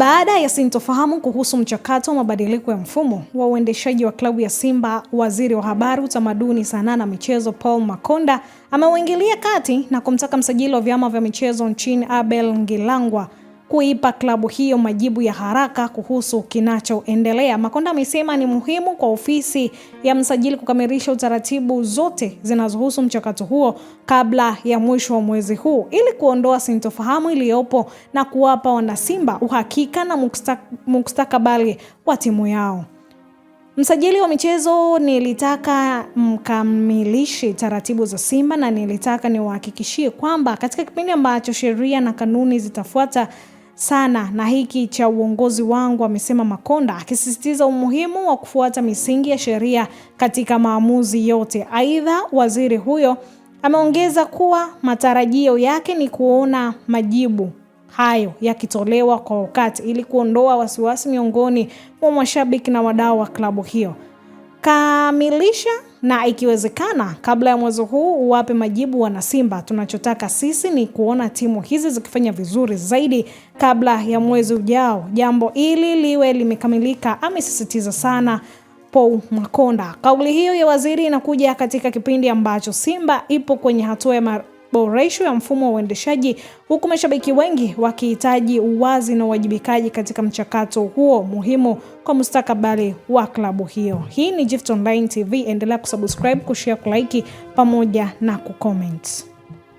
Baada ya sintofahamu kuhusu mchakato wa mabadiliko ya mfumo wa uendeshaji wa klabu ya Simba, waziri wa habari, utamaduni, sanaa na michezo Paul Makonda ameuingilia kati na kumtaka msajili wa vyama vya michezo nchini Abel Ngilangwa kuipa klabu hiyo majibu ya haraka kuhusu kinachoendelea. Makonda amesema ni muhimu kwa ofisi ya msajili kukamilisha utaratibu zote zinazohusu mchakato huo kabla ya mwisho wa mwezi huu ili kuondoa sintofahamu iliyopo na kuwapa wanasimba uhakika na mustakabali wa timu yao. Msajili wa michezo, nilitaka mkamilishe taratibu za Simba na nilitaka niwahakikishie kwamba katika kipindi ambacho sheria na kanuni zitafuata sana na hiki cha uongozi wangu, amesema Makonda, akisisitiza umuhimu wa kufuata misingi ya sheria katika maamuzi yote. Aidha, waziri huyo ameongeza kuwa matarajio yake ni kuona majibu hayo yakitolewa kwa wakati ili kuondoa wasiwasi miongoni mwa mashabiki na wadau wa klabu hiyo. Kamilisha na ikiwezekana, kabla ya mwezi huu uwape majibu wana simba Tunachotaka sisi ni kuona timu hizi zikifanya vizuri zaidi kabla ya mwezi ujao, jambo ili liwe limekamilika, amesisitiza sana Paul Makonda. Kauli hiyo ya waziri inakuja katika kipindi ambacho Simba ipo kwenye hatua ya boresho ya mfumo wa uendeshaji, huku mashabiki wengi wakihitaji uwazi na uwajibikaji katika mchakato huo muhimu kwa mustakabali wa klabu hiyo. Hii ni Gift Online TV, endelea kusubscribe, kushare, kulaiki pamoja na kucomment.